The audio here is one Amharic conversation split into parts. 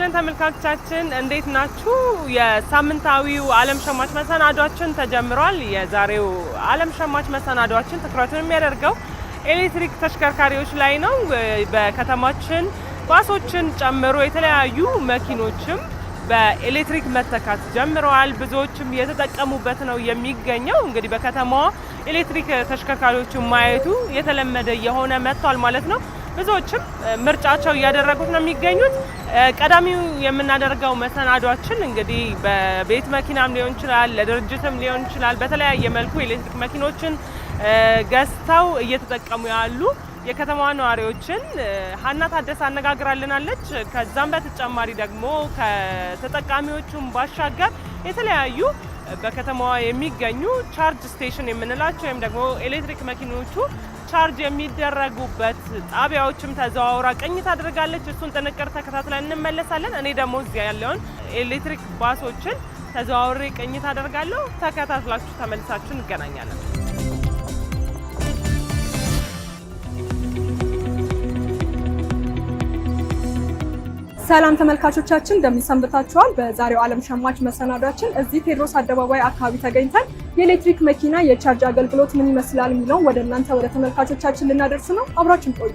ይስጥልን ተመልካቾቻችን እንዴት ናችሁ? የሳምንታዊው ዓለም ሸማች መሰናዷችን ተጀምሯል። የዛሬው ዓለም ሸማች መሰናዷችን ትኩረቱን የሚያደርገው ኤሌክትሪክ ተሽከርካሪዎች ላይ ነው። በከተማችን ባሶችን ጨምሮ የተለያዩ መኪኖችም በኤሌክትሪክ መተካት ጀምረዋል። ብዙዎችም እየተጠቀሙበት ነው የሚገኘው። እንግዲህ በከተማዋ ኤሌክትሪክ ተሽከርካሪዎችን ማየቱ የተለመደ የሆነ መጥቷል ማለት ነው። ብዙዎችም ምርጫቸው እያደረጉት ነው የሚገኙት። ቀዳሚው የምናደርገው መሰናዷችን እንግዲህ በቤት መኪናም ሊሆን ይችላል፣ ለድርጅትም ሊሆን ይችላል። በተለያየ መልኩ የኤሌክትሪክ መኪኖችን ገዝተው እየተጠቀሙ ያሉ የከተማዋ ነዋሪዎችን ሀና ታደሰ አነጋግራልናለች። ከዛም በተጨማሪ ደግሞ ከተጠቃሚዎቹም ባሻገር የተለያዩ በከተማዋ የሚገኙ ቻርጅ ስቴሽን የምንላቸው ወይም ደግሞ ኤሌክትሪክ መኪኖቹ ቻርጅ የሚደረጉበት ጣቢያዎችም ተዘዋውራ ቅኝት አድርጋለች። እሱን ጥንቅር ተከታትለን እንመለሳለን። እኔ ደግሞ እዚያ ያለውን ኤሌክትሪክ ባሶችን ተዘዋውሬ ቅኝት አደርጋለሁ። ተከታትላችሁ ተመልሳችሁ እንገናኛለን። ሰላም ተመልካቾቻችን እንደምንሰንብታችኋል። በዛሬው ዓለም ሸማች መሰናዷችን እዚህ ቴድሮስ አደባባይ አካባቢ ተገኝተን የኤሌክትሪክ መኪና የቻርጅ አገልግሎት ምን ይመስላል የሚለውን ወደ እናንተ ወደ ተመልካቾቻችን ልናደርስ ነው። አብራችን ቆዩ።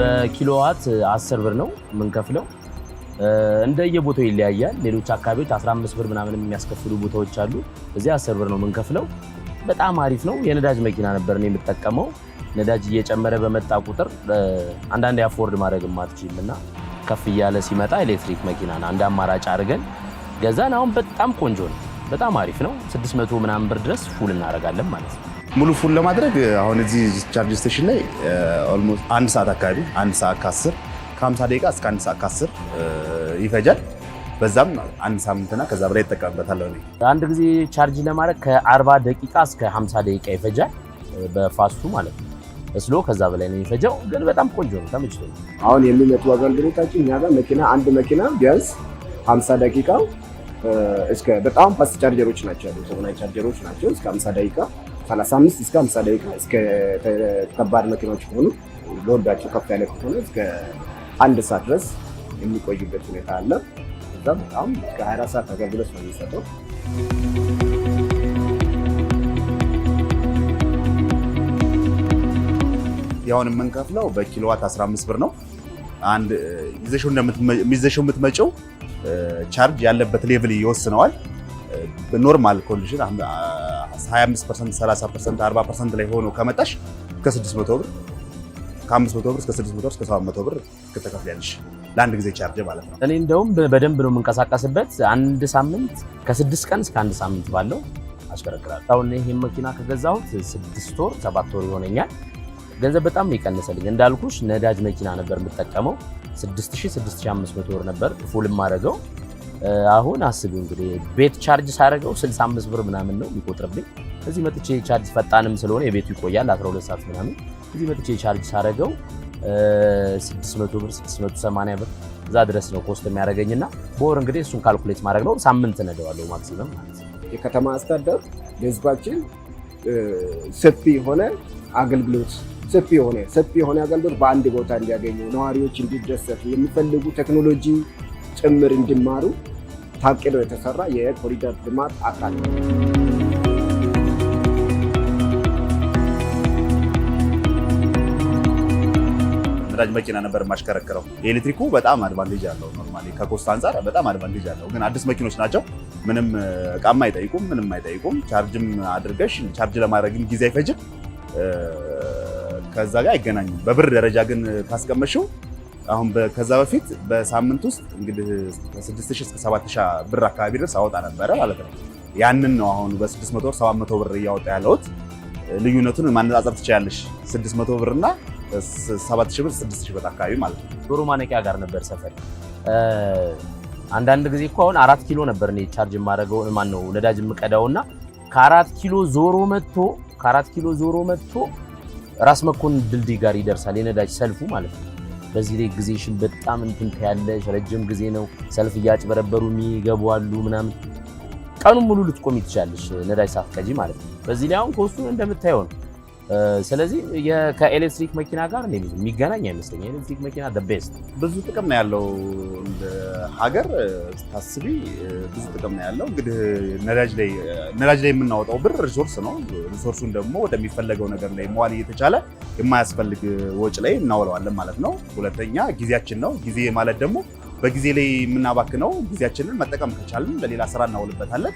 በኪሎዋት አስር ብር ነው የምንከፍለው። እንደየቦታው ይለያያል። ሌሎች አካባቢዎች 15 ብር ምናምን የሚያስከፍሉ ቦታዎች አሉ። እዚህ አስር ብር ነው የምንከፍለው። በጣም አሪፍ ነው። የነዳጅ መኪና ነበር ነው የምጠቀመው። ነዳጅ እየጨመረ በመጣ ቁጥር አንዳንድ አፎርድ ማድረግ አትችልም እና ከፍ እያለ ሲመጣ ኤሌክትሪክ መኪናን አንድ አማራጭ አድርገን ገዛን። አሁን በጣም ቆንጆ ነው፣ በጣም አሪፍ ነው። 600 ምናምን ብር ድረስ ፉል እናደርጋለን ማለት ነው። ሙሉ ፉል ለማድረግ አሁን እዚህ ቻርጅ ስቴሽን ላይ ኦልሞስት አንድ ሰዓት አካባቢ አንድ ሰዓት ከአስር ከ50 ደቂቃ እስከ አንድ ሰዓት ከአስር ይፈጃል። በዛም አንድ ሳምንትና ከዛ በላይ ይጠቀምበታለሁ። አንድ ጊዜ ቻርጅ ለማድረግ ከ40 ደቂቃ እስከ 50 ደቂቃ ይፈጃል በፋስቱ ማለት ነው። በስሎ ከዛ በላይ ነው የሚፈጀው፣ ግን በጣም ቆንጆ ነው፣ ተመችቶኝ። አሁን የሚመጡ አገልግሎታችን እኛ ጋር መኪና አንድ መኪና ቢያንስ 50 ደቂቃ እስከ በጣም ፋስት ቻርጀሮች ናቸው ያሉ ዘመናዊ ቻርጀሮች ናቸው። እስከ 50 ደቂቃ 35 እስከ 50 ደቂቃ እስከ ከባድ መኪናዎች ከሆኑ ሎዳቸው ከፍ ያለ ከሆነ እስከ አንድ ሰዓት ድረስ የሚቆዩበት ሁኔታ አለ። እዛ በጣም ከ24 ሰዓት አገልግሎት ነው የሚሰጠው። ያሁን የምንከፍለው በኪሎዋት 15 ብር ነው። አንድ ይዘሽው የምትመጪው ቻርጅ ያለበት ሌቭል ይወስነዋል። በኖርማል ኮንዲሽን 25%፣ 30%፣ 40% ላይ ሆኖ ከመጣሽ ከ600 ብር ከ500 ብር እስከ 600 ብር እስከ 700 ብር ትከፍያለሽ ለአንድ ጊዜ ቻርጅ ማለት ነው። እኔ እንደውም በደንብ ነው የምንቀሳቀስበት። አንድ ሳምንት ከስድስት ቀን እስከ አንድ ሳምንት ባለው አሽከረክራለሁ። አሁን ይሄን መኪና ከገዛሁት ስድስት ወር ሰባት ወር ይሆነኛል። ገንዘብ በጣም ነው የቀነሰልኝ። እንዳልኩሽ ነዳጅ መኪና ነበር የምጠቀመው 6650 ብር ነበር ፉል የማደርገው። አሁን አስቢ እንግዲህ ቤት ቻርጅ ሳደርገው 65 ብር ምናምን ነው የሚቆጥርብኝ። እዚህ መጥቼ ቻርጅ ፈጣንም ስለሆነ የቤቱ ይቆያል 12 ሰዓት ምናምን። እዚህ መጥቼ ቻርጅ ሳደርገው 600 ብር 680 ብር እዛ ድረስ ነው ኮስት የሚያደርገኝና በወር እንግዲህ እሱን ካልኩሌት ማድረግ ነው። ሳምንት ነደዋለሁ ማክሲመም ማለት ነው። የከተማ አስተዳደር ለህዝባችን ሰፊ የሆነ አገልግሎት ሰፊ የሆነ ሰፊ የሆነ አገልግሎት በአንድ ቦታ እንዲያገኙ፣ ነዋሪዎች እንዲደሰቱ፣ የሚፈልጉ ቴክኖሎጂ ጭምር እንዲማሩ ታቅዶ የተሰራ የኮሪደር ልማት አካል ነው። ነዳጅ መኪና ነበር የማሽከረክረው። የኤሌክትሪኩ በጣም አድቫንቴጅ አለው። ኖርማሊ ከኮስት አንጻር በጣም አድቫንቴጅ አለው። ግን አዲስ መኪኖች ናቸው። ምንም እቃም አይጠይቁም፣ ምንም አይጠይቁም። ቻርጅም አድርገሽ ቻርጅ ለማድረግም ጊዜ አይፈጅም። ከዛ ጋር አይገናኙም። በብር ደረጃ ግን ካስቀመሽው አሁን ከዛ በፊት በሳምንት ውስጥ እንግዲህ ከ6000 እስከ 7000 ብር አካባቢ ድረስ አወጣ ነበረ ማለት ነው። ያንን ነው አሁን በ600 ብር 700 ብር እያወጣ ያለሁት። ልዩነቱን ማነጻጸር ትችያለሽ። 600 ብር እና 7000 ብር 6000 ብር አካባቢ ማለት ነው። ዶሮ ማነቂያ ጋር ነበር ሰፈር። አንዳንድ ጊዜ እኮ አሁን አራት ኪሎ ነበር እኔ ቻርጅ የማደርገው ማን ነው ነዳጅ የምቀዳውና ከአራት ኪሎ ዞሮ መጥቶ ከአራት ኪሎ ዞሮ መጥቶ ራስ መኮንን ድልድይ ጋር ይደርሳል የነዳጅ ሰልፉ ማለት ነው። በዚህ ላይ ጊዜሽን በጣም እንትን ያለሽ ረጅም ጊዜ ነው። ሰልፍ እያጭበረበሩ የሚገቡ አሉ ምናምን። ቀኑን ሙሉ ልትቆሚ ትችላለሽ ነዳጅ ሳትቀጂ ማለት ነው። በዚህ ላይ አሁን ከውስጡ እንደምታየው ነው። ስለዚህ ከኤሌክትሪክ መኪና ጋር የሚገናኝ አይመስለኝ። ኤሌክትሪክ መኪና ቤስት ብዙ ጥቅም ነው ያለው። እንደ ሀገር ስታስቢ ብዙ ጥቅም ነው ያለው። እንግዲህ ነዳጅ ላይ የምናወጣው ብር ሪሶርስ ነው። ሪሶርሱን ደግሞ ወደሚፈለገው ነገር ላይ መዋል እየተቻለ የማያስፈልግ ወጪ ላይ እናውለዋለን ማለት ነው። ሁለተኛ ጊዜያችን ነው። ጊዜ ማለት ደግሞ በጊዜ ላይ የምናባክነው ጊዜያችንን መጠቀም ከቻልን ለሌላ ስራ እናውልበታለን።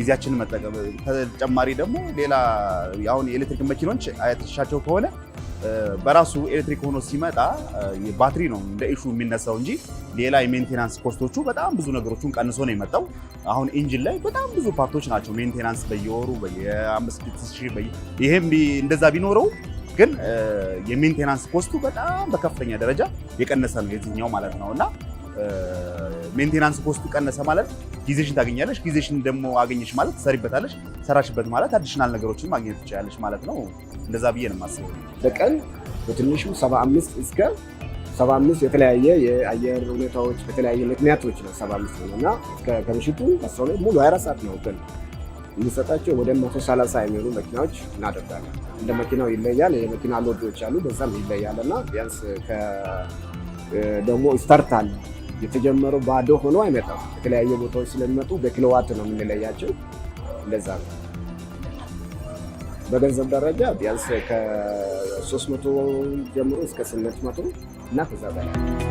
ጊዜያችንን መጠቀም ተጨማሪ ደግሞ ሌላ አሁን የኤሌክትሪክ መኪኖች አይተሻቸው ከሆነ በራሱ ኤሌክትሪክ ሆኖ ሲመጣ ባትሪ ነው እንደ ኢሹ የሚነሳው እንጂ ሌላ የሜንቴናንስ ኮስቶቹ በጣም ብዙ ነገሮቹን ቀንሶ ነው የመጣው። አሁን ኢንጂን ላይ በጣም ብዙ ፓርቶች ናቸው ሜንቴናንስ በየወሩ ይህም እንደዛ ቢኖረው ግን የሜንቴናንስ ኮስቱ በጣም በከፍተኛ ደረጃ የቀነሰ ነው የዚህኛው ማለት ነው እና ሜንቴናንስ ኮስቱ ቀነሰ ማለት ጊዜሽን ታገኛለሽ። ጊዜሽን ደግሞ አገኘሽ ማለት ትሰሪበታለሽ። ሰራሽበት ማለት አዲሽናል ነገሮችን ማግኘት ትችላለሽ ማለት ነው። እንደዛ ብዬ ነው የማስበው። በቀን በትንሹ 75 እስከ 75 የተለያየ የአየር ሁኔታዎች በተለያየ ምክንያቶች ነው 75 ነው እና ከምሽቱ ሙሉ 24 ሰዓት ነው ግን የሚሰጣቸው ወደ 130 የሚሆኑ መኪናዎች እናደርጋለን። እንደ መኪናው ይለያል። የመኪና ሎዶች አሉ፣ በዛም ይለያል እና ቢያንስ ደግሞ ስታርት አለ የተጀመረው ባዶ ሆኖ አይመጣም። የተለያዩ ቦታዎች ስለሚመጡ በኪሎዋት ነው የምንለያቸው። እንደዛ ነው። በገንዘብ ደረጃ ቢያንስ ከ300 ጀምሮ እስከ 800 እና ከዛ በላይ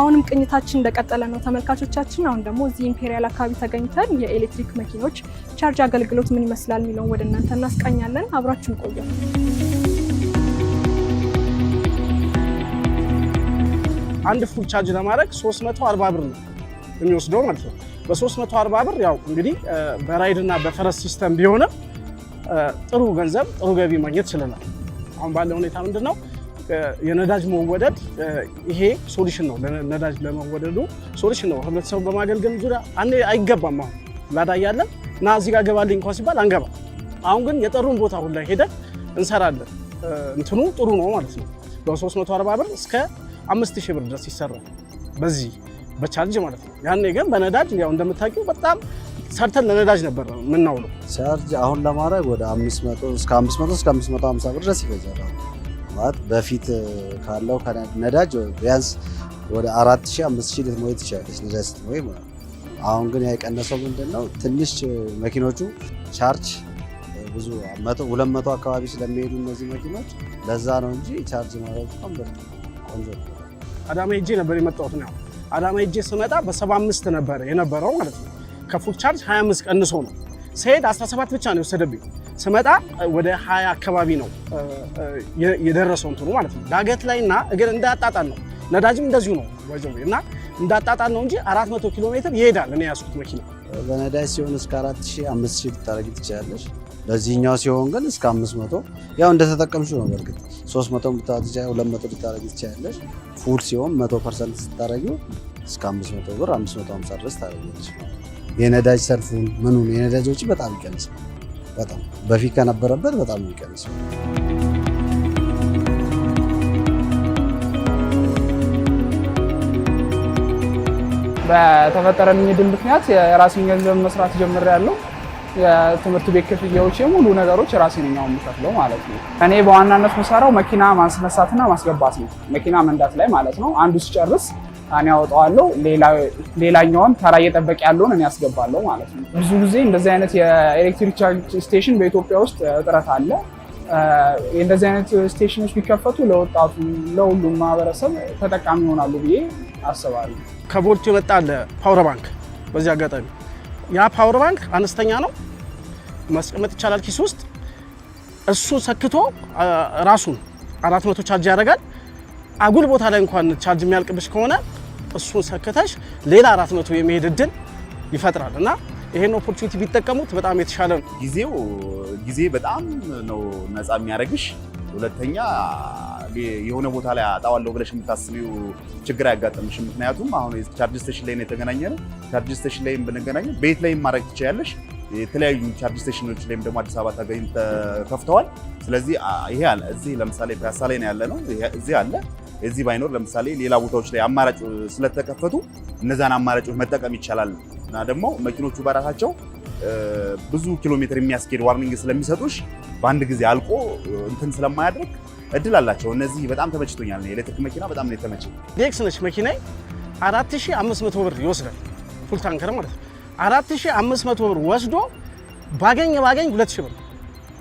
አሁንም ቅኝታችን እንደቀጠለ ነው ተመልካቾቻችን። አሁን ደግሞ እዚህ ኢምፔሪያል አካባቢ ተገኝተን የኤሌክትሪክ መኪኖች ቻርጅ አገልግሎት ምን ይመስላል የሚለውን ወደ እናንተ እናስቃኛለን። አብራችሁን ቆዩ። አንድ ፉል ቻርጅ ለማድረግ 340 ብር ነው የሚወስደው ማለት ነው። በ340 ብር ያው እንግዲህ በራይድ እና በፈረስ ሲስተም ቢሆንም ጥሩ ገንዘብ ጥሩ ገቢ ማግኘት ችለናል። አሁን ባለ ሁኔታ ምንድን ነው የነዳጅ መወደድ ይሄ ሶሉሽን ነው። ነዳጅ ለመወደዱ ሶሉሽን ነው። ህብረተሰቡ በማገልገል ዙሪያ አንዴ አይገባም። አሁን ላዳ እያለን እና እዚህ ጋር ገባልኝ እንኳ ሲባል አንገባ። አሁን ግን የጠሩን ቦታ ሁላ ሄደን እንሰራለን። እንትኑ ጥሩ ነው ማለት ነው። በ340 ብር እስከ 5000 ብር ድረስ ይሰራል በዚህ በቻርጅ ማለት ነው። ያኔ ግን በነዳጅ ያው እንደምታውቂው በጣም ሰርተን ለነዳጅ ነበር የምናውለው። ቻርጅ አሁን ለማድረግ ወደ 500 እስከ 500 እስከ 550 ብር ድረስ ይፈጃል። ማለት በፊት ካለው ነዳጅ ቢያንስ ወደ አራት ሺህ አምስት ትችላለች ነዳጅ ስትሞይ አሁን ግን የቀነሰው ምንድን ነው? ትንሽ መኪኖቹ ቻርጅ ብዙ ሁለት አካባቢ ስለሚሄዱ እነዚህ መኪኖች ለዛ ነው እንጂ ቻርጅ ማድረግ በጣም ቆንጆ ነው። አዳማ ሄጄ ነበር የመጣሁት ነው። አዳማ ሄጄ ስመጣ በ አምስት ነበር የነበረው ማለት ነው። ከፉል ቻርጅ 25 ቀንሶ ነው ስሄድ 17 ብቻ ነው የወሰደብኝ። ስመጣ ወደ 20 አካባቢ ነው የደረሰው እንትኑ ማለት ነው። ዳገት ላይ እና እግር እንዳጣጣል ነው። ነዳጅም እንደዚሁ ነው እና እንዳጣጣል ነው እንጂ 400 ኪሎ ሜትር ይሄዳል። እኔ ያስኩት መኪና በነዳጅ ሲሆን እስከ 4000 5000 ልታረጊ ትችላለሽ። በዚህኛው ሲሆን ግን እስከ 500 ያው እንደተጠቀምሽው ነው። በእርግጥ 300 ብታወጥ ይችላል፣ 200 ልታረጊ ትችላለሽ። ፉል ሲሆን 100% ስታረጊው እስከ 500 ብር 550 ድረስ ነው። የነዳጅ ሰልፉን ምኑን የነዳጅ ወጪ በጣም ይቀንስ፣ በጣም በፊት ከነበረበት በጣም ይቀንስ። በተፈጠረልኝ ድል ምክንያት የራሴን ገንዘብ መስራት ጀምሬያለሁ። የትምህርት ቤት ክፍያዎች፣ የሙሉ ነገሮች ራሴን ነው የምከፍለው ማለት ነው። እኔ በዋናነት የምሰራው መኪና ማስነሳትና ማስገባት ነው፣ መኪና መንዳት ላይ ማለት ነው። አንዱ ሲጨርስ እኔ ያወጣዋለሁ፣ ሌላኛውም ተራ እየጠበቅ ያለውን እኔ ያስገባለሁ ማለት ነው። ብዙ ጊዜ እንደዚህ አይነት የኤሌክትሪክ ቻርጅ ስቴሽን በኢትዮጵያ ውስጥ እጥረት አለ። እንደዚህ አይነት ስቴሽኖች ቢከፈቱ ለወጣቱ ለሁሉም ማህበረሰብ ተጠቃሚ ይሆናሉ ብዬ አስባለሁ። ከቦርጅ የመጣ አለ ፓወር ባንክ። በዚህ አጋጣሚ ያ ፓወር ባንክ አነስተኛ ነው፣ ማስቀመጥ ይቻላል ኪስ ውስጥ። እሱ ሰክቶ ራሱን አራት መቶ ቻርጅ ያደርጋል። አጉል ቦታ ላይ እንኳን ቻርጅ የሚያልቅብሽ ከሆነ እሱን ሰክተሽ ሌላ አራት መቶ የመሄድ እድል ይፈጥራል እና ይሄን ኦፖርቹኒቲ ቢጠቀሙት በጣም የተሻለ ነው። ጊዜው ጊዜ በጣም ነው ነፃ የሚያደርግሽ። ሁለተኛ የሆነ ቦታ ላይ አጣዋለሁ ብለሽ የምታስቢው ችግር አያጋጥምሽም። ምክንያቱም አሁን ቻርጅ ስቴሽን ላይ ነው የተገናኘ ነው። ቻርጅ ስቴሽን ላይ ብንገናኘ ቤት ላይ ማድረግ ትችያለሽ። የተለያዩ ቻርጅ ስቴሽኖች ላይም ደግሞ አዲስ አበባ ተገኝ ተከፍተዋል። ስለዚህ ይሄ አለ እዚህ ለምሳሌ ፒያሳ ላይ ነው ያለ ነው እዚህ አለ እዚህ ባይኖር ለምሳሌ ሌላ ቦታዎች ላይ አማራጭ ስለተከፈቱ እነዛን አማራጮች መጠቀም ይቻላል እና ደግሞ መኪኖቹ በራሳቸው ብዙ ኪሎ ሜትር የሚያስኬድ ዋርኒንግ ስለሚሰጡሽ በአንድ ጊዜ አልቆ እንትን ስለማያደርግ እድል አላቸው። እነዚህ በጣም ተመችቶኛል። የኤሌክትሪክ መኪና በጣም ነው የተመቸኝ። ዴክስ ነች መኪና መቶ ብር ይወስዳል ፉል ታንከር ማለት ነው። 4500 ብር ወስዶ ባገኝ ባገኝ 2000 ብር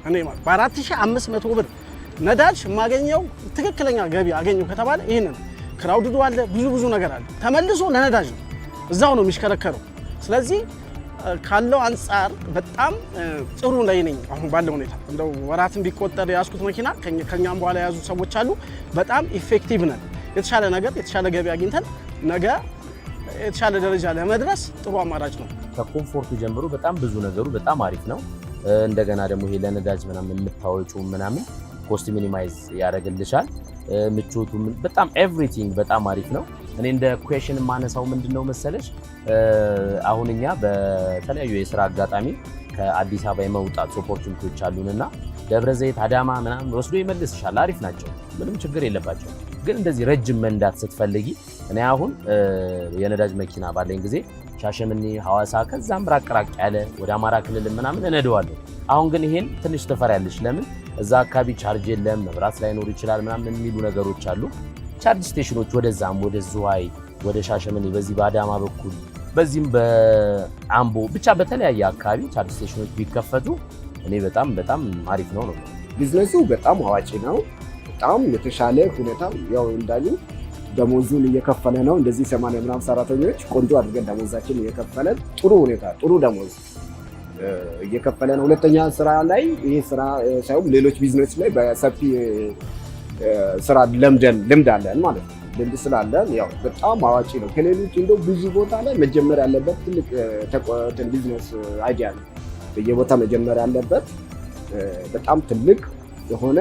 እኔ ማለት በ4500 ብር ነዳጅ የማገኘው ትክክለኛ ገቢ አገኘው ከተባለ ይህን ነው። ክራውድዶ አለ፣ ብዙ ብዙ ነገር አለ። ተመልሶ ለነዳጅ ነው፣ እዛው ነው የሚሽከረከረው። ስለዚህ ካለው አንጻር በጣም ጥሩ ላይ ነኝ አሁን ባለው ሁኔታ። እንደው ወራትን ቢቆጠር የያዝኩት መኪና ከኛም በኋላ የያዙ ሰዎች አሉ። በጣም ኢፌክቲቭ ነን። የተሻለ ነገር የተሻለ ገቢ አግኝተን ነገ የተሻለ ደረጃ ለመድረስ ጥሩ አማራጭ ነው። ከኮምፎርቱ ጀምሮ በጣም ብዙ ነገሩ በጣም አሪፍ ነው። እንደገና ደግሞ ይሄ ለነዳጅ ምናምን የምታወጪው ምናምን ኮስት ሚኒማይዝ ያደርግልሻል። ምቾቱ በጣም ኤቭሪቲንግ በጣም አሪፍ ነው። እኔ እንደ ኩዌሽን የማነሳው ምንድን ነው መሰለሽ፣ አሁን እኛ በተለያዩ የስራ አጋጣሚ ከአዲስ አበባ የመውጣት ኦፖርቹኒቲዎች አሉንና ደብረ ዘይት፣ አዳማ ምናምን ወስዶ ይመልስሻል። አሪፍ ናቸው፣ ምንም ችግር የለባቸው። ግን እንደዚህ ረጅም መንዳት ስትፈልጊ እኔ አሁን የነዳጅ መኪና ባለኝ ጊዜ ሻሸምኔ፣ ሐዋሳ ከዛም ራቅ ራቅ ያለ ወደ አማራ ክልል ምናምን እነደዋለሁ። አሁን ግን ይሄን ትንሽ ትፈሪያለሽ። ለምን እዛ አካባቢ ቻርጅ የለም፣ መብራት ላይኖር ይችላል ምናምን የሚሉ ነገሮች አሉ። ቻርጅ ስቴሽኖች ወደዛም ወደ ዝዋይ፣ ወደ ሻሸምኔ በዚህ በአዳማ በኩል በዚህም በአምቦ ብቻ በተለያየ አካባቢ ቻርጅ ስቴሽኖች ቢከፈቱ እኔ በጣም በጣም አሪፍ ነው ነው። ቢዝነሱ በጣም አዋጭ ነው። በጣም የተሻለ ሁኔታ ያው እንዳሉ ደሞዙን እየከፈለ ነው። እንደዚህ ሰማንያ ምናምን ሰራተኞች ቆንጆ አድርገን ደሞዛችን እየከፈለ ጥሩ ሁኔታ ጥሩ ደሞዝ እየከፈለ ነው። ሁለተኛ ስራ ላይ ይህ ስራ ሳይሆን ሌሎች ቢዝነስ ላይ በሰፊ ስራ ለምደን ልምድ አለን ማለት ነው። ልምድ ስላለን ያው በጣም አዋጪ ነው። ከሌሎች እንደ ብዙ ቦታ ላይ መጀመር ያለበት ትልቅ ቢዝነስ አይዲያ ነው። በየቦታ መጀመር ያለበት በጣም ትልቅ የሆነ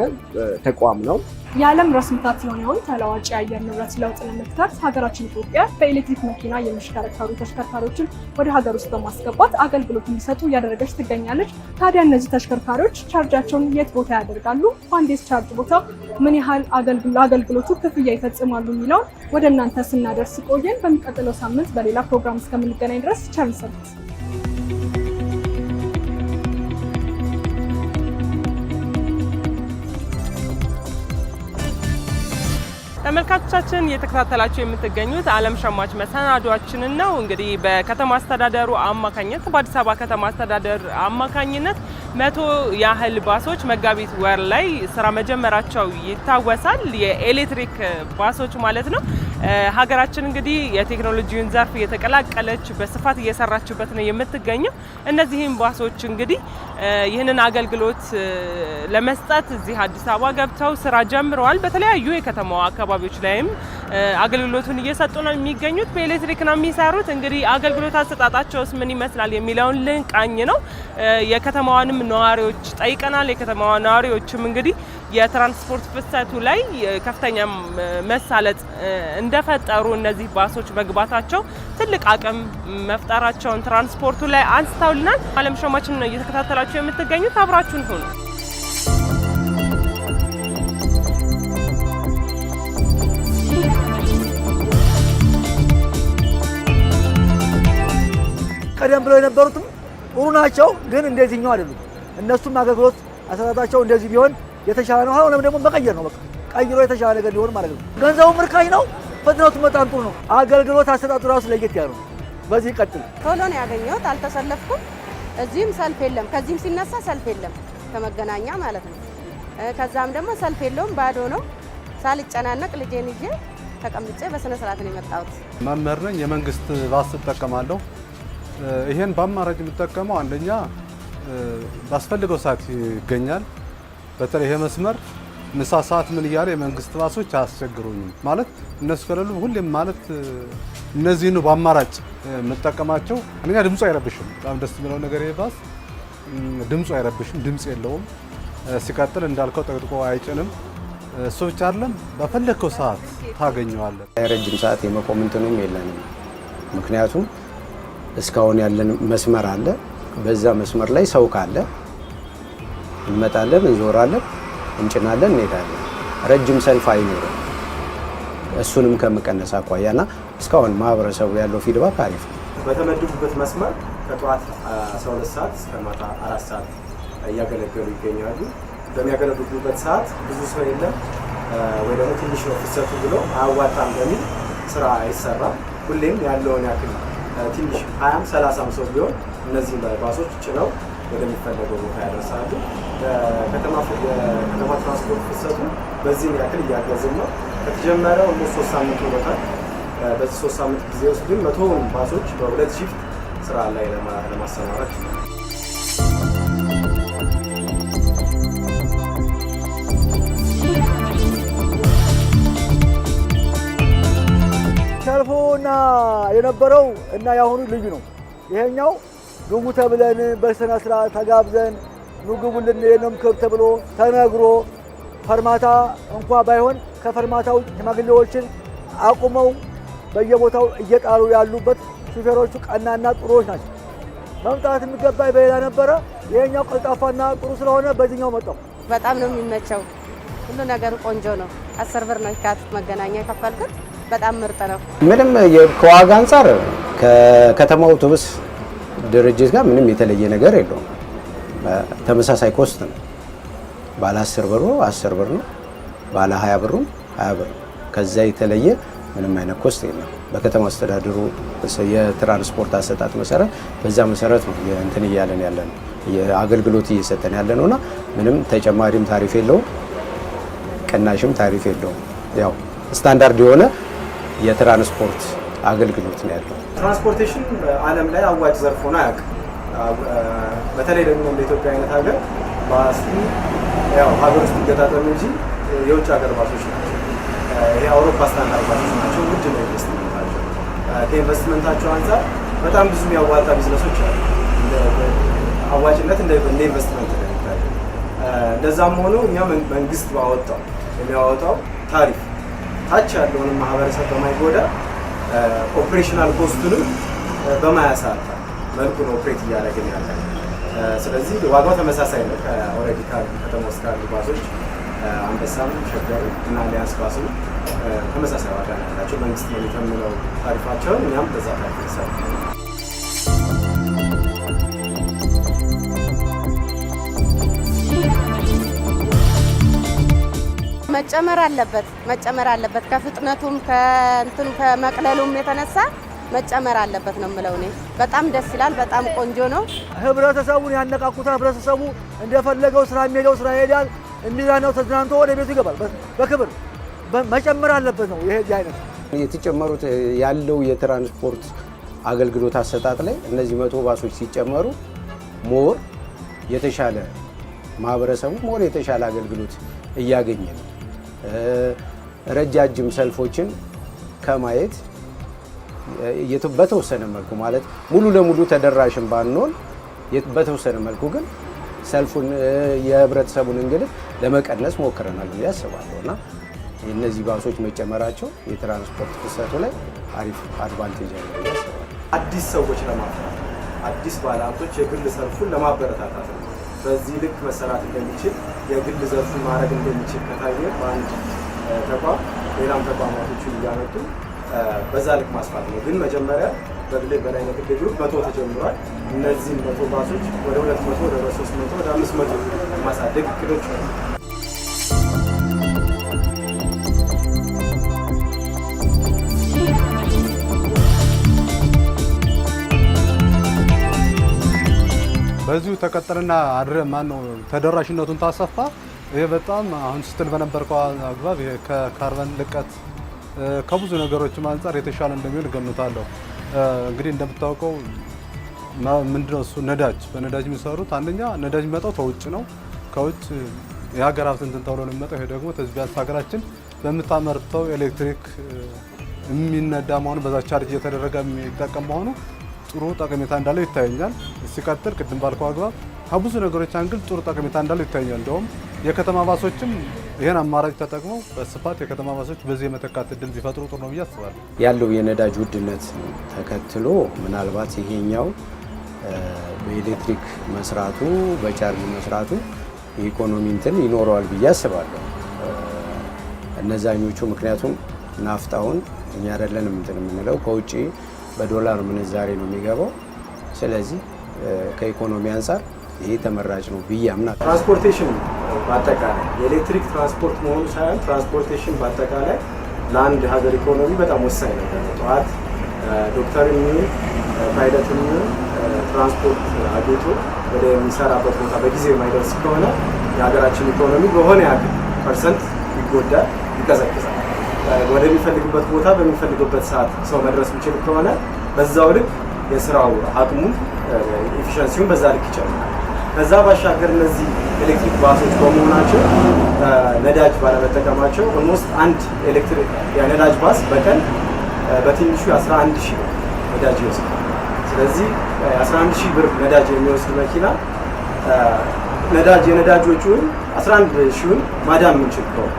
ተቋም ነው። የዓለም ራስ ምታት የሆነውን ተለዋጭ የአየር ንብረት ለውጥ ለመግታት ሀገራችን ኢትዮጵያ በኤሌክትሪክ መኪና የሚሽከረከሩ ተሽከርካሪዎችን ወደ ሀገር ውስጥ በማስገባት አገልግሎት እንዲሰጡ እያደረገች ትገኛለች። ታዲያ እነዚህ ተሽከርካሪዎች ቻርጃቸውን የት ቦታ ያደርጋሉ? በአንዴስ ቻርጅ ቦታ ምን ያህል አገልግሎቱ ክፍያ ይፈጽማሉ? የሚለውን ወደ እናንተ ስናደርስ ቆየን። በሚቀጥለው ሳምንት በሌላ ፕሮግራም እስከምንገናኝ ድረስ ቸር ተመልካቾቻችን እየተከታተላችሁ የምትገኙት ዓለም ሸማች መሰናዷችንን ነው። እንግዲህ በከተማ አስተዳደሩ አማካኝነት በአዲስ አበባ ከተማ አስተዳደር አማካኝነት መቶ ያህል ባሶች መጋቢት ወር ላይ ስራ መጀመራቸው ይታወሳል። የኤሌክትሪክ ባሶች ማለት ነው። ሀገራችን እንግዲህ የቴክኖሎጂውን ዘርፍ እየተቀላቀለች በስፋት እየሰራችበት ነው የምትገኘው። እነዚህ ባሶች እንግዲህ ይህንን አገልግሎት ለመስጠት እዚህ አዲስ አበባ ገብተው ስራ ጀምረዋል። በተለያዩ የከተማዋ አካባቢዎች ላይም አገልግሎቱን እየሰጡ ነው የሚገኙት። በኤሌክትሪክ ነው የሚሰሩት። እንግዲህ አገልግሎት አሰጣጣቸውስ ምን ይመስላል የሚለውን ልንቃኝ ነው። የከተማዋንም ነዋሪዎች ጠይቀናል። የከተማዋ ነዋሪዎችም እንግዲህ የትራንስፖርት ፍሰቱ ላይ ከፍተኛ መሳለጥ እንደፈጠሩ እነዚህ ባሶች መግባታቸው ትልቅ አቅም መፍጠራቸውን ትራንስፖርቱ ላይ አንስተውልናል። አለም ሸማችን ነው እየተከታተላችሁ የምትገኙት፣ አብራችሁን ሁኑ። ቀደም ብለው የነበሩትም ጥሩ ናቸው፣ ግን እንደዚህኛው አይደሉም። እነሱም አገልግሎት አሰጣጣቸው እንደዚህ ቢሆን የተሻለ ነው። አሁንም ደግሞ መቀየር ነው። በቃ ቀይሮ የተሻለ ነገር ሊሆን ማለት ነው። ገንዘቡ ምርካኝ ነው። ፍጥነቱ በጣም ጥሩ ነው። አገልግሎት አሰጣጡ ራሱ ለየት ያለው በዚህ ይቀጥል። ቶሎ ነው ያገኘሁት። አልተሰለፍኩም። እዚህም ሰልፍ የለም። ከዚህም ሲነሳ ሰልፍ የለም። ከመገናኛ ማለት ነው። ከዛም ደግሞ ሰልፍ የለውም። ባዶ ነው። ሳልጨናነቅ ልጄን ይዤ ተቀምጬ በስነ ስርዓት ነው የመጣሁት። መምህር ነኝ። የመንግስት ባስ እጠቀማለሁ። ይሄን በአማራጭ የምጠቀመው አንደኛ ባስፈልገው ሰዓት ይገኛል። በተለይ ይሄ መስመር ምሳ ሰዓት ምን እያለ የመንግስት ባሶች አያስቸግሩኝም። ማለት እነሱ ከሌሉ ሁሌም ማለት እነዚህኑ በአማራጭ የምጠቀማቸው። አንደኛ ድምፁ አይረብሽም። በጣም ደስ የሚለው ነገር ይሄ ባስ ድምፁ አይረብሽም፣ ድምፅ የለውም። ሲቀጥል እንዳልከው ጠቅጥቆ አይጭንም። እሱ ብቻ አይደለም፣ በፈለግከው ሰዓት ታገኘዋለን። ረጅም ሰዓት የመቆም እንትኑም የለንም። ምክንያቱም እስካሁን ያለን መስመር አለ። በዛ መስመር ላይ ሰው ካለ እንመጣለን፣ እንዞራለን፣ እንጭናለን፣ እንሄዳለን። ረጅም ሰልፍ አይኖርም። እሱንም ከመቀነስ አኳያና እስካሁን ማህበረሰቡ ያለው ፊድባክ አሪፍ ነው። በተመደቡበት መስመር ከጠዋት 12 ሰዓት እስከ ማታ አራት ሰዓት እያገለገሉ ይገኛሉ። በሚያገለግሉበት ሰዓት ብዙ ሰው የለም ወይ ደግሞ ትንሽ ነው ፍሰቱ ብሎ አያዋጣም በሚል ስራ አይሰራም። ሁሌም ያለውን ያክል ትንሽ ሀያም ሰላሳም ሰው ቢሆን እነዚህ ባሶች ጭነው ወደሚፈለገው ቦታ ያደርሳሉ። የከተማ ትራንስፖርት ፍሰቱ በዚህም ያክል እያገዝን ነው። ከተጀመረው ሁሉ ሶስት ሳምንት ሆኖታል። በዚህ ሶስት ሳምንት ጊዜ ውስጥ ግን መቶውን ባሶች በሁለት ሺፍት ስራ ላይ ለማሰማራት ሰልፉ እና የነበረው እና የአሁኑ ልዩ ነው። ይሄኛው ግቡ ተብለን በስነ ስርዓት ተጋብዘን ምግቡ ልንሄድ ክብ ተብሎ ተነግሮ ፈርማታ እንኳ ባይሆን ከፈርማታው ሽማግሌዎችን አቁመው በየቦታው እየጣሉ ያሉበት ሹፌሮቹ ቀናና ጥሩዎች ናቸው። መምጣት የሚገባ በሌላ ነበረ። ይሄኛው ቀልጣፋና ጥሩ ስለሆነ በዚህኛው መጣው። በጣም ነው የሚመቸው። ሁሉ ነገር ቆንጆ ነው። አስር ብር ነው ካት መገናኛ የከፈልኩት። በጣም ምርጥ ነው። ምንም ከዋጋ አንጻር ከከተማ አውቶቡስ ድርጅት ጋር ምንም የተለየ ነገር የለውም። ተመሳሳይ ኮስት ነው። ባለ 10 ብሩ 10 ብር ነው። ባለ 20 ብሩ 20 ብር ነው። ከዛ የተለየ ምንም አይነት ኮስት የለም። በከተማ አስተዳደሩ የትራንስፖርት አሰጣጥ መሰረት በዛ መሰረት ነው እንትን እያለን ያለ ነው አገልግሎት እየሰጠን ያለ ነውና ምንም ተጨማሪም ታሪፍ የለውም፣ ቅናሽም ታሪፍ የለውም። ያው ስታንዳርድ የሆነ የትራንስፖርት አገልግሎት ነው ያለው። ትራንስፖርቴሽን ዓለም ላይ አዋጭ ዘርፍ ሆኖ አያውቅም። በተለይ ደግሞ እንደ ኢትዮጵያ አይነት ሀገር ባስ ያው ሀገር ውስጥ ይገጣጠሙ እንጂ የውጭ ሀገር ባሶች ናቸው። የአውሮፓ ስታንዳርድ ባሶች ናቸው። ውድ ነው ኢንቨስትመንታቸው። ከኢንቨስትመንታቸው አንጻር በጣም ብዙ የሚያዋጣ ቢዝነሶች አሉ። አዋጭነት እንደ ኢንቨስትመንት ነው እንደዛም ሆኖ እኛ መንግስት ባወጣው የሚያወጣው ታሪፍ ታች ያለውንም ማህበረሰብ በማይጎዳ ኦፕሬሽናል ኮስቱንም በማያሳጣ መልኩ ነው ኦፕሬት እያደረግን ያለ። ስለዚህ ዋጋው ተመሳሳይ ነው። ከኦልሬዲ ከተማ ውስጥ ካሉ ባሶች አንበሳም፣ ሸገሩ እና ሊያንስ ባሱ ተመሳሳይ ዋጋ ናቸው። መንግስት ነው የሚተምነው ታሪፋቸውን እኛም በዛ ታሪፍ ተሰሩ። መጨመር አለበት መጨመር አለበት ከፍጥነቱም ከእንትን ከመቅለሉም የተነሳ መጨመር አለበት ነው የምለው። እኔ በጣም ደስ ይላል። በጣም ቆንጆ ነው። ህብረተሰቡን ያነቃቁታል። ህብረተሰቡ እንደፈለገው ስራ የሚሄደው ስራ ይሄዳል። እንዲዛ ነው ተዝናንቶ ወደ ቤቱ ይገባል። በክብር መጨመር አለበት ነው ይሄ አይነት የተጨመሩት ያለው የትራንስፖርት አገልግሎት አሰጣጥ ላይ እነዚህ መቶ ባሶች ሲጨመሩ ሞር የተሻለ ማህበረሰቡ ሞር የተሻለ አገልግሎት እያገኘ ነው። ረጃጅም ሰልፎችን ከማየት በተወሰነ መልኩ ማለት ሙሉ ለሙሉ ተደራሽን ባንሆን በተወሰነ መልኩ ግን ሰልፉን የህብረተሰቡን እንግልት ለመቀነስ ሞክረናል ብዬ አስባለሁ እና እነዚህ ባሶች መጨመራቸው የትራንስፖርት ፍሰቱ ላይ አሪፍ አድቫንቴጅ አለ ብዬ አዲስ ሰዎች ለማፍራት አዲስ ባለሀብቶች የግል ሰልፉን ለማበረታታት ነው። በዚህ ልክ መሰራት እንደሚችል የግል ዘርፉን ማድረግ እንደሚችል ከታየ በአንድ ተቋም ሌላም ተቋማቶችን እያመጡ በዛ ልክ ማስፋት ነው። ግን መጀመሪያ በግሌ በላይ ነግቤ ግሩፕ መቶ ተጀምሯል። እነዚህም መቶ ባሶች ወደ ሁለት መቶ ወደ ሶስት መቶ ወደ አምስት መቶ ማሳደግ እቅዶች ነው። በዚሁ ተቀጠልና አድረ ማነው ተደራሽነቱን ታሰፋ። ይሄ በጣም አሁን ስትል በነበርከው አግባብ ከካርበን ልቀት ከብዙ ነገሮችም አንጻር የተሻለ እንደሚሆን እገምታለሁ። እንግዲህ እንደምታውቀው ምንድነው እሱ ነዳጅ በነዳጅ የሚሰሩት አንደኛ ነዳጅ የሚመጣው ከውጭ ነው። ከውጭ የሀገር ሀብት እንትን ተብሎ ነው የሚመጣው። ይሄ ደግሞ ቢያንስ ሀገራችን በምታመርተው ኤሌክትሪክ የሚነዳ መሆኑ በዛ ቻርጅ እየተደረገ የሚጠቀም መሆኑ ጥሩ ጠቀሜታ እንዳለው ይታየኛል። ሲቀጥል ቅድም ባልከው አግባብ ከብዙ ነገሮች አንግል ጥሩ ጠቀሜታ እንዳለው ይታየኛል እንደውም የከተማ ባሶችም ይህን አማራጭ ተጠቅመው በስፋት የከተማ ባሶች በዚህ የመተካት እድል ቢፈጥሩ ጥሩ ነው ብዬ አስባለሁ። ያለው የነዳጅ ውድነት ተከትሎ ምናልባት ይሄኛው በኤሌክትሪክ መስራቱ በቻርጅ መስራቱ የኢኮኖሚ እንትን ይኖረዋል ብዬ አስባለሁ። እነዛኞቹ ምክንያቱም ናፍጣውን እኛ አይደለንም እንትን የምንለው ከውጭ በዶላር ምንዛሬ ነው የሚገባው። ስለዚህ ከኢኮኖሚ አንጻር ይሄ ተመራጭ ነው ብዬ አምናለሁ። ትራንስፖርቴሽን በአጠቃላይ የኤሌክትሪክ ትራንስፖርት መሆኑ ሳይሆን ትራንስፖርቴሽን በአጠቃላይ ለአንድ ሀገር ኢኮኖሚ በጣም ወሳኝ ነገር ነው። ጠዋት ዶክተር የሚሆን ፓይለት የሚሆን ትራንስፖርት አግኝቶ ወደ የሚሰራበት ቦታ በጊዜ የማይደርስ ከሆነ የሀገራችን ኢኮኖሚ በሆነ ያክል ፐርሰንት ይጎዳል፣ ይቀዘቅዛል። ወደሚፈልግበት ቦታ በሚፈልግበት ሰዓት ሰው መድረስ የሚችል ከሆነ በዛው ልክ የስራው አቅሙ ኤፊሽንሲውን በዛ ልክ ይጨምራል። ከዛ ባሻገር እነዚህ ኤሌክትሪክ ባሶች በመሆናቸው ነዳጅ ባለመጠቀማቸው ኦልሞስት አንድ ኤሌክትሪክ የነዳጅ ባስ በቀን በትንሹ 11 ሺህ ነዳጅ ይወስዳል። ስለዚህ 11 ሺህ ብር ነዳጅ የሚወስድ መኪና ነዳጅ የነዳጆቹን 11 ሺሁን ማዳን የምንችል ከሆነ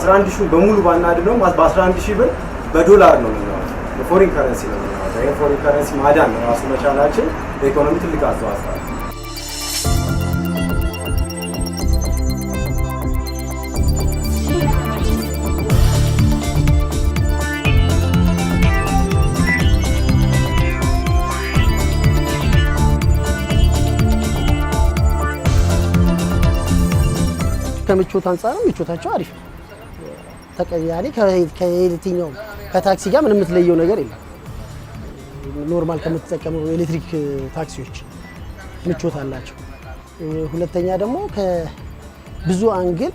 11 ሺሁን በሙሉ ባናድነው በ11 ሺህ ብር በዶላር ነው የምናወጣው፣ በፎሪን ከረንሲ ነው የምናወጣው። ይህ ከረንሲ ማዳን ራሱ መቻላችን ለኢኮኖሚ ትልቅ አስተዋጽኦ ከምቾት አንጻርም ምቾታቸው አሪፍ ነው። ተቀያሪ ከየትኛው ከታክሲ ጋር ምንም የምትለየው ነገር የለም። ኖርማል ከምትጠቀመው ኤሌክትሪክ ታክሲዎች ምቾት አላቸው። ሁለተኛ ደግሞ ከብዙ አንግል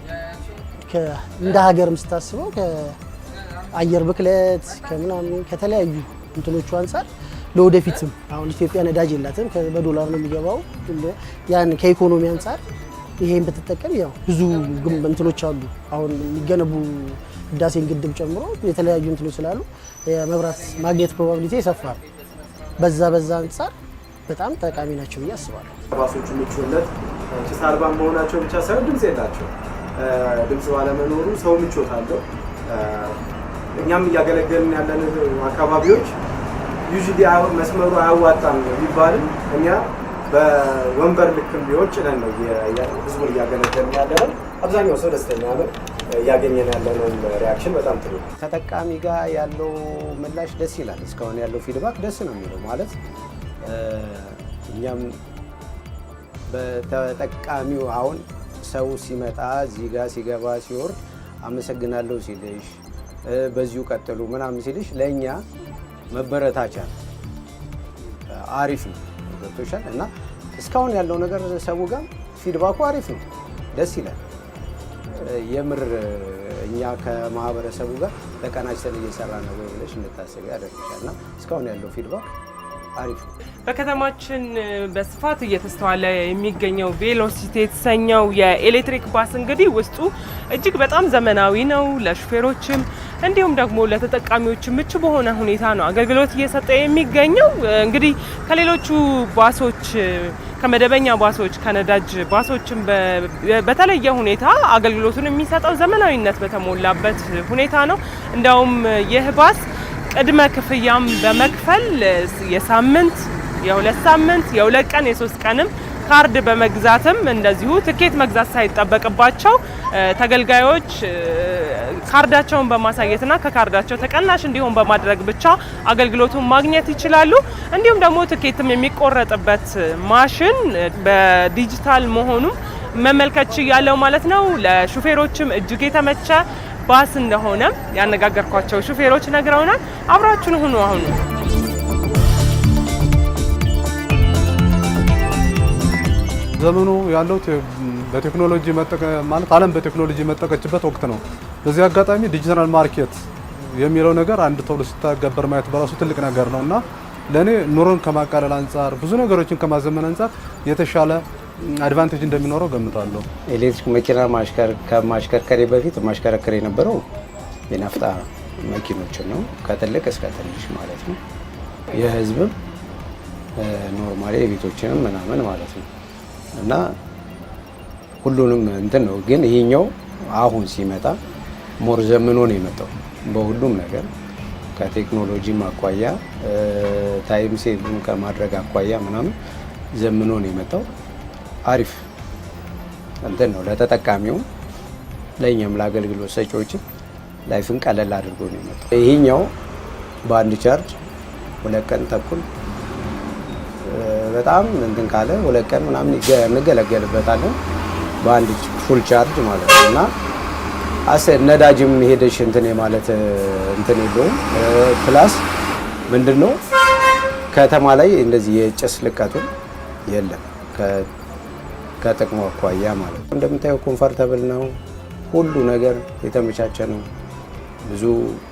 እንደ ሀገርም ስታስበው ከአየር ብክለት ከምናምን ከተለያዩ እንትኖቹ አንጻር ለወደፊትም አሁን ኢትዮጵያ ነዳጅ የላትም፣ በዶላር ነው የሚገባው። ያን ከኢኮኖሚ አንጻር ይሄን ብትጠቀም ያው ብዙ እንትኖች አሉ። አሁን የሚገነቡ ህዳሴን ግድብ ጨምሮ የተለያዩ እንትኖች ስላሉ የመብራት ማግኘት ፕሮባብሊቲ ይሰፋል። በዛ በዛ አንጻር በጣም ጠቃሚ ናቸው ብዬ አስባለሁ። ባሶቹ ምቹነት ጭስ አልባ መሆናቸው ብቻ ሳይሆን ድምፅ የላቸው ድምፅ ባለመኖሩ ሰው ምቾት አለው። እኛም እያገለገልን ያለን አካባቢዎች ዩ መስመሩ አያዋጣም ቢባልም እኛ በወንበር ልክም ቢሆን ጭነን ነው ህዝቡን እያገለገል ያለ ነው። አብዛኛው ሰው ደስተኛ ነው። እያገኘን ያለነው ሪያክሽን በጣም ጥሩ። ነው። ተጠቃሚ ጋር ያለው ምላሽ ደስ ይላል። እስካሁን ያለው ፊድባክ ደስ ነው የሚለው ማለት እኛም በተጠቃሚው አሁን ሰው ሲመጣ እዚህ ጋር ሲገባ ሲወርድ አመሰግናለሁ ሲልሽ በዚሁ ቀጥሉ ምናምን ሲልሽ ለእኛ መበረታቻ አሪፍ ነው ገብቶሻል እና እስካሁን ያለው ነገር ሰው ጋር ፊድባኩ አሪፍ ነው፣ ደስ ይላል። የምር እኛ ከማህበረሰቡ ጋር ተቀናጅተን እየሰራ ነው ወይ ብለሽ እንድታስቢ ያደርግሻል እና እስካሁን ያለው ፊድባክ አሪፍ ነው። በከተማችን በስፋት እየተስተዋለ የሚገኘው ቬሎሲቲ የተሰኘው የኤሌክትሪክ ባስ እንግዲህ ውስጡ እጅግ በጣም ዘመናዊ ነው። ለሹፌሮችም እንዲሁም ደግሞ ለተጠቃሚዎች ምቹ በሆነ ሁኔታ ነው አገልግሎት እየሰጠ የሚገኘው። እንግዲህ ከሌሎቹ ባሶች ከመደበኛ ባሶች ከነዳጅ ባሶችም በተለየ ሁኔታ አገልግሎቱን የሚሰጠው ዘመናዊነት በተሞላበት ሁኔታ ነው። እንዲያውም ይህ ባስ ቅድመ ክፍያም በመክፈል የሳምንት የሁለት ሳምንት የሁለት ቀን የሶስት ቀንም ካርድ በመግዛትም እንደዚሁ ትኬት መግዛት ሳይጠበቅባቸው ተገልጋዮች ካርዳቸውን በማሳየትና ከካርዳቸው ተቀናሽ እንዲሆን በማድረግ ብቻ አገልግሎቱን ማግኘት ይችላሉ። እንዲሁም ደግሞ ትኬትም የሚቆረጥበት ማሽን በዲጂታል መሆኑም መመልከች ያለው ማለት ነው። ለሹፌሮችም እጅግ የተመቸ ባስ እንደሆነ ያነጋገርኳቸው ሹፌሮች ነግረውናል። አብራችሁን ሁኑ። አሁኑ ዘመኑ ያለው በቴክኖሎጂ ማለት ዓለም በቴክኖሎጂ የመጠቀችበት ወቅት ነው። በዚህ አጋጣሚ ዲጂታል ማርኬት የሚለው ነገር አንድ ተብሎ ሲተገበር ማየት በራሱ ትልቅ ነገር ነው እና ለእኔ ኑሮን ከማቃለል አንጻር ብዙ ነገሮችን ከማዘመን አንጻር የተሻለ አድቫንቴጅ እንደሚኖረው ገምታለሁ። ኤሌክትሪክ መኪና ከማሽከርከሬ በፊት ማሽከረከር የነበረው የናፍጣ መኪኖችን ነው፣ ከትልቅ እስከ ትንሽ ማለት ነው። የህዝብም ኖርማሊ የቤቶችንም ምናምን ማለት ነው እና ሁሉንም እንትን ነው። ግን ይሄኛው አሁን ሲመጣ ሞር ዘምኖ ነው የመጣው በሁሉም ነገር ከቴክኖሎጂም አኳያ ታይም ሴቭም ከማድረግ አኳያ ምናምን ዘምኖ ነው የመጣው። አሪፍ እንትን ነው ለተጠቃሚው፣ ለእኛም ለአገልግሎት ሰጪዎችም ላይፍን ቀለል አድርጎ ነው የመጣው። ይህኛው በአንድ ቻርጅ ሁለት ቀን ተኩል በጣም እንትን ካለ ሁለት ቀን ምናምን እንገለገልበታለን በአንድ ፉል ቻርጅ ማለት ነው እና ነዳጅም ሄደሽ እንትን ማለት እንትን የለውም። ፕላስ ምንድን ነው ከተማ ላይ እንደዚህ የጭስ ልቀቱን የለም። ከጥቅሙ አኳያ ማለት ነው። እንደምታየው ኮምፈርተብል ነው፣ ሁሉ ነገር የተመቻቸ ነው። ብዙ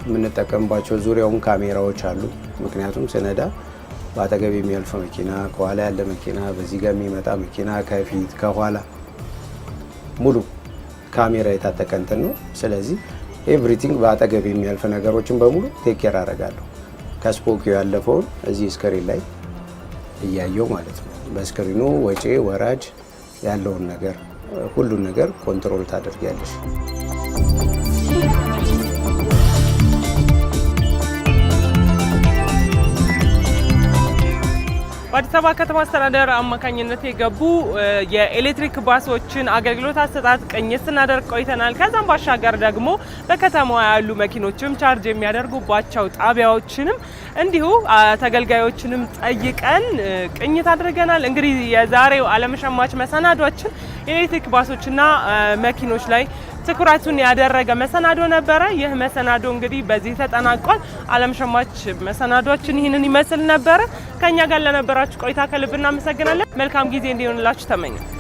የምንጠቀምባቸው ዙሪያውን ካሜራዎች አሉ። ምክንያቱም ስነዳ በአጠገብ የሚያልፍ መኪና፣ ከኋላ ያለ መኪና፣ በዚህ ጋር የሚመጣ መኪና፣ ከፊት ከኋላ ሙሉ ካሜራ የታጠቀ እንትን ነው። ስለዚህ ኤቭሪቲንግ በአጠገብ የሚያልፍ ነገሮችን በሙሉ ቴኬር አደርጋለሁ። ከስፖኪ ያለፈውን እዚህ ስክሪን ላይ እያየው ማለት ነው። በስክሪኑ ወጪ ወራጅ ያለውን ነገር ሁሉን ነገር ኮንትሮል ታደርጊያለሽ። በአዲስ አበባ ከተማ አስተዳደር አማካኝነት የገቡ የኤሌክትሪክ ባሶችን አገልግሎት አሰጣጥ ቅኝት ስናደርግ ቆይተናል። ከዛም ባሻገር ደግሞ በከተማዋ ያሉ መኪኖችም ቻርጅ የሚያደርጉባቸው ጣቢያዎችንም እንዲሁ ተገልጋዮችንም ጠይቀን ቅኝት አድርገናል። እንግዲህ የዛሬው ዓለም ሸማች መሰናዷችን ኤሌክትሪክ ባሶችና መኪኖች ላይ ትኩረቱን ያደረገ መሰናዶ ነበረ። ይህ መሰናዶ እንግዲህ በዚህ ተጠናቋል። አለም ሸማች መሰናዶችን ይህንን ይመስል ነበረ። ከእኛ ጋር ለነበራችሁ ቆይታ ከልብ እናመሰግናለን። መልካም ጊዜ እንዲሆንላችሁ ተመኘ